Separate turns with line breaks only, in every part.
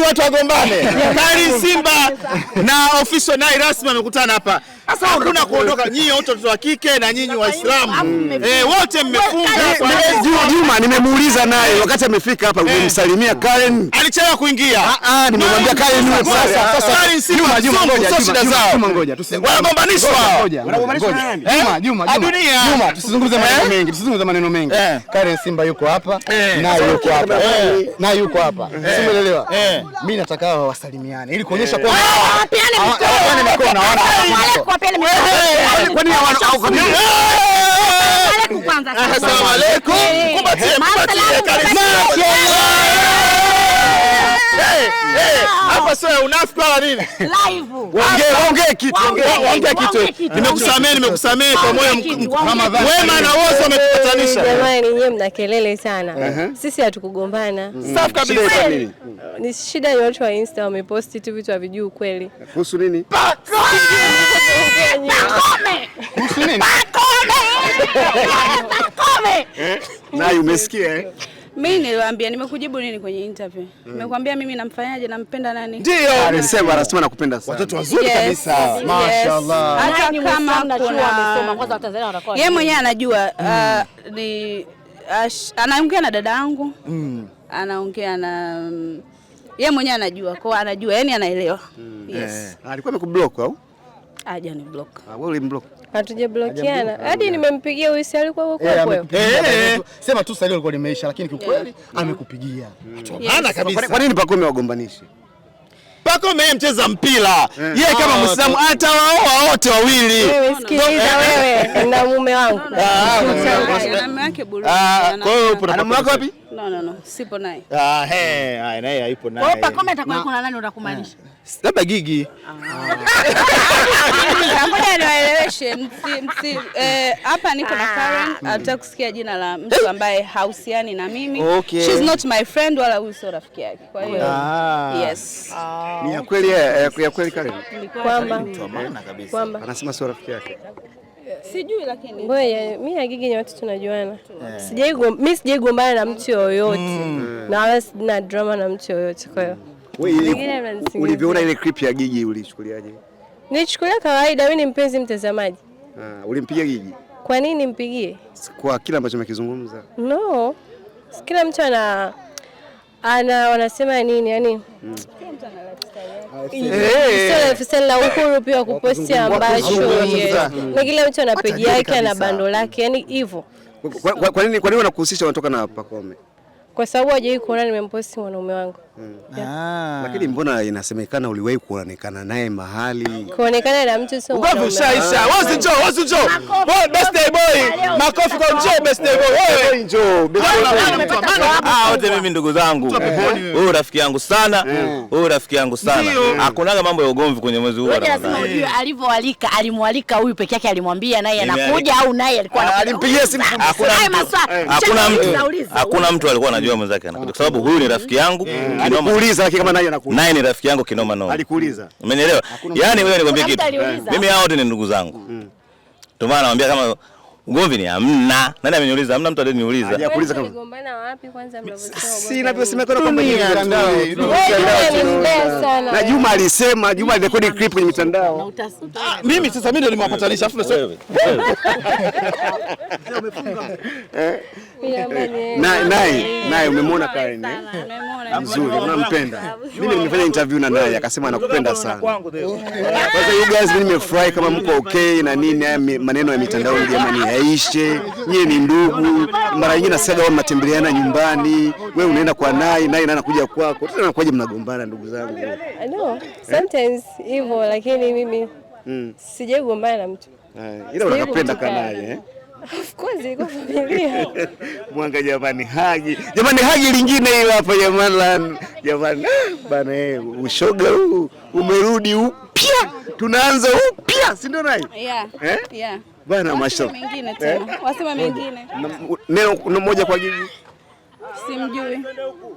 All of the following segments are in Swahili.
watu wagombane. Kari Simba na official nai rasmi amekutana hapa. Sasa hakuna kuondoka, nyinyi wote watoto wa kike na nyinyi Waislamu eh, wote mmefunga.
Juma nimemuuliza naye wakati amefika hapa, eh. umemsalimia Karen,
alichelewa kuingia.
Ah, ah nimemwambia Karen wewe
sasa. Sasa Karen si Juma, Juma ngoja, shida zao. Juma ngoja, tusiende. Wanagombanishwa. Wanagombanishwa na nani? Juma, ah, Juma, Juma, dunia
juma, tusizungumze eh. maneno mengi, tusizungumze maneno mengi. Eh. Karen Simba yuko hapa na yuko hapa na yuko hapa, simuelewa. Mimi nataka wasalimiane ili kuonyesha kwamba ah, wapiane
wapiane
hapa sio unafiki wala nini? Ongea kitu, ongea kitu. Nimekusamehe, nimekusamehe kwa moyo wema na wote wametupatanisha.
Jamani, nyie mna kelele sana, sisi hatukugombana. Mm.
Safi kabisa.
Ni shida ni watu wa Insta wameposti tu vitu havijui ukweli.
Kuhusu nini? Paka! Naye umesikia eh?
Mimi niliwaambia nimekujibu nini kwenye interview? Nimekwambia mm. mimi namfanyaje nampenda nani?
Ndio.
Alisema anasema nakupenda sana.
Watoto wazuri kabisa. Mashaallah.
Hata kama amesoma kwanza Watanzania watakuwa. Yeye mwenyewe anajua uh, ni anaongea na dada yangu mm. anaongea na mm, yeye mwenyewe anajua, kwa anajua, yani anaelewa. Mm.
Yes. Eh. Alikuwa amekublock au?
Aja ni block. Ah, wewe ulimblock. Hatuje blockiana. Hadi nimempigia huyu sali kwa kwa kwa.
sema tu sali alikuwa nimeisha lakini kwa kweli eh. amekupigia. Hmm. Maana kabisa. Kwa nini Pacome wagombanishe? Pacome yeye mcheza mpira. Eh. Yeye kama ah, Muislamu atawaoa wote wawili.
Sikiliza wewe eh, na mume wangu. Ah, ah, ah. mume wake burudi. Ah,
kwa hiyo upo na mume wako wapi?
No, no, no. Sipo naye.
Ah, he, naye naye hayupo naye. Kwa
Pakome atakuwa kuna nani utakumaanisha?
Eh, labda Gigi. Ah.
Ngoja niwaeleweshe msi eh, hapa niko na ah. Karen, hataki kusikia jina la mtu eh. ambaye hausiani na mimi. Okay. She's not my friend wala huyu sio rafiki yake.
Kwa hiyo ah. yes. Ni eh, ya kweli ya kweli Karen. Kwamba. Kwamba. Anasema sio rafiki yake.
Sijui lakini.
Ngoja, mimi na ni watu tunajuana. Eh. Sijai mimi sijai gombana na mtu yoyote. Mm. Na wala sina drama na mtu yoyote kwa hiyo.
ulivyoona ile clip ya gigi ulichukuliaje?
Nilichukulia kawaida, mimi ni mpenzi mtazamaji.
Ah, ulimpiga gigi?
Kwa nini nimpigie?
Kwa kila ambacho amekizungumza.
No. Kila mtu ana ana wanasema nini? Yaani mm. Fistani la uhuru pia kuposti ambacho na kila mtu ana peji yake ana bando lake, yani hivyo.
Kwa nini wanakuhusisha wanatoka na Pakome?
kwa sababu hajawahi kuona nimemposti mwanaume wangu hmm.
yeah. ah. Lakini mbona inasemekana uliwahi kuonekana naye mahali,
kuonekana na mtu sio
mwanaume. Ushaisha, wosi njoo, wosi njoo, birthday boy, makofi kwa njoo, birthday boy, wewe njoo.
Ah, wote mimi ndugu zangu, eh. wewe rafiki yangu sana, eh. wewe rafiki yangu sana. Hakunaga mambo ya ugomvi kwenye mwezi huu.
Lazima ujue eh. alivyoalika, alimwalika huyu peke yake, alimwambia naye anakuja au naye alikuwa ah,
anampigia simu,
hakuna mtu, hakuna mtu alikuwa anajua anajua mwenzake anakuja kwa ah. sababu huyu ni rafiki mm-hmm. yangu yeah.
Alikuuliza lakini
kama naye anakuuliza. Naye ni rafiki yangu kinoma noma. Alikuuliza. Umenielewa? Yani wewe nikwambie kitu. Mimi hao wote ni ndugu zangu. Mm. Ndio maana namwambia kama ugomvi ni hamna. Nani ameniuliza? Hamna mtu aliyeniuliza.
Hajakuuliza kama. Mgombana wapi kwanza mnavyosema?
Si navyosemeka kwa kwamba ni mitandao. Na Juma alisema, Juma alirekodi clip kwenye mitandao. Ah, mimi sasa mimi ndio nimewapatanisha afu na wewe. Umefunga. Eh? Eh, eh. Eh. naye umemwona Karen mzuri, unampenda. Mimi nimefanya interview na naye akasema anakupenda sana. Sasa you guys, mimi nimefurahi kama mko okay na nini. Haya maneno ya mitandao jamani, yaishe. Nyie ni ndugu, mara nyingi nasikia kama mnatembeleana nyumbani, wewe unaenda kwa naye, naye anakuja kwako, tena nakuja mnagombana. Ndugu zangu,
I know sometimes hivyo, lakini mimi hmm. sijagombana na mtu,
ila unakapenda kanaye
Of course ilikuwa familia.
Mwanga jamani, Haji jamani, Haji lingine hiyo hapa jamani, jamani ah, bana, eh, ushoga huu umerudi upya, tunaanza upya, si ndio? Nayo
yeah. Eh? Yeah.
Bana, mashallah
mengine eh? tena eh? Wasema mengine
neno moja kwa jiji
simjui,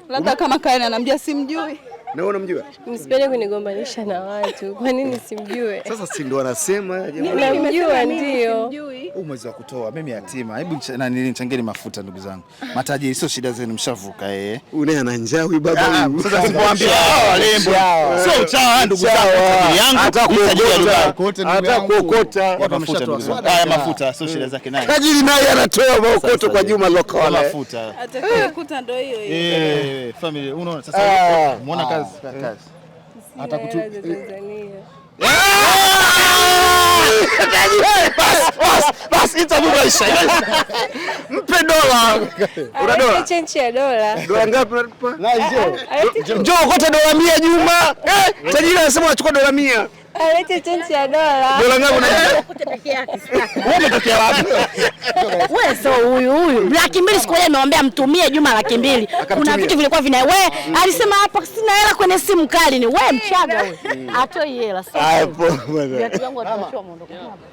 labda kama kaina anamjua simjui na wewe unamjua? Msipende kunigombanisha na watu. Kwa nini simjue?
Sasa si ndo anasema
jamani. Namjua ndio.
Mwezi wa kutoa mimi yatima. Hebu nichangeni mafuta ndugu zangu. mataji sio shida zenu mshavuka eh. Une ana njaa huyu baba ah, huyu. Sasa sikwambia walembo. Sio uchawa ndugu zangu. Hata kuokota. Haya mafuta sio shida zake naye. Tajiri naye anatoa maokoto kwa Juma Lokole. Mafuta.
Hata kuokota ndio hiyo hiyo.
Eh, eh, eh familia unaona sasa ah. muona kazi kwa Mpe dola. Ah,
Una dola? Chenchi ya dola.
Dola ngapi unatupa? Ah, ah, Njoo kote dola 100 Juma. Eh, tajiri anasema anachukua dola 100
alete chenji ya dola.
Dola ngapi unajua? Wewe umetokea wapi?
Wewe sio huyu huyu. Laki mbili siku ile nimeombea mtumie Juma laki mbili. Kuna vitu vilikuwa vina wewe alisema hapa sina hela kwenye simu kali ni wewe mchaga wewe. Atoi hela sasa.
Hapo. Viatu vyangu atachua muondoko.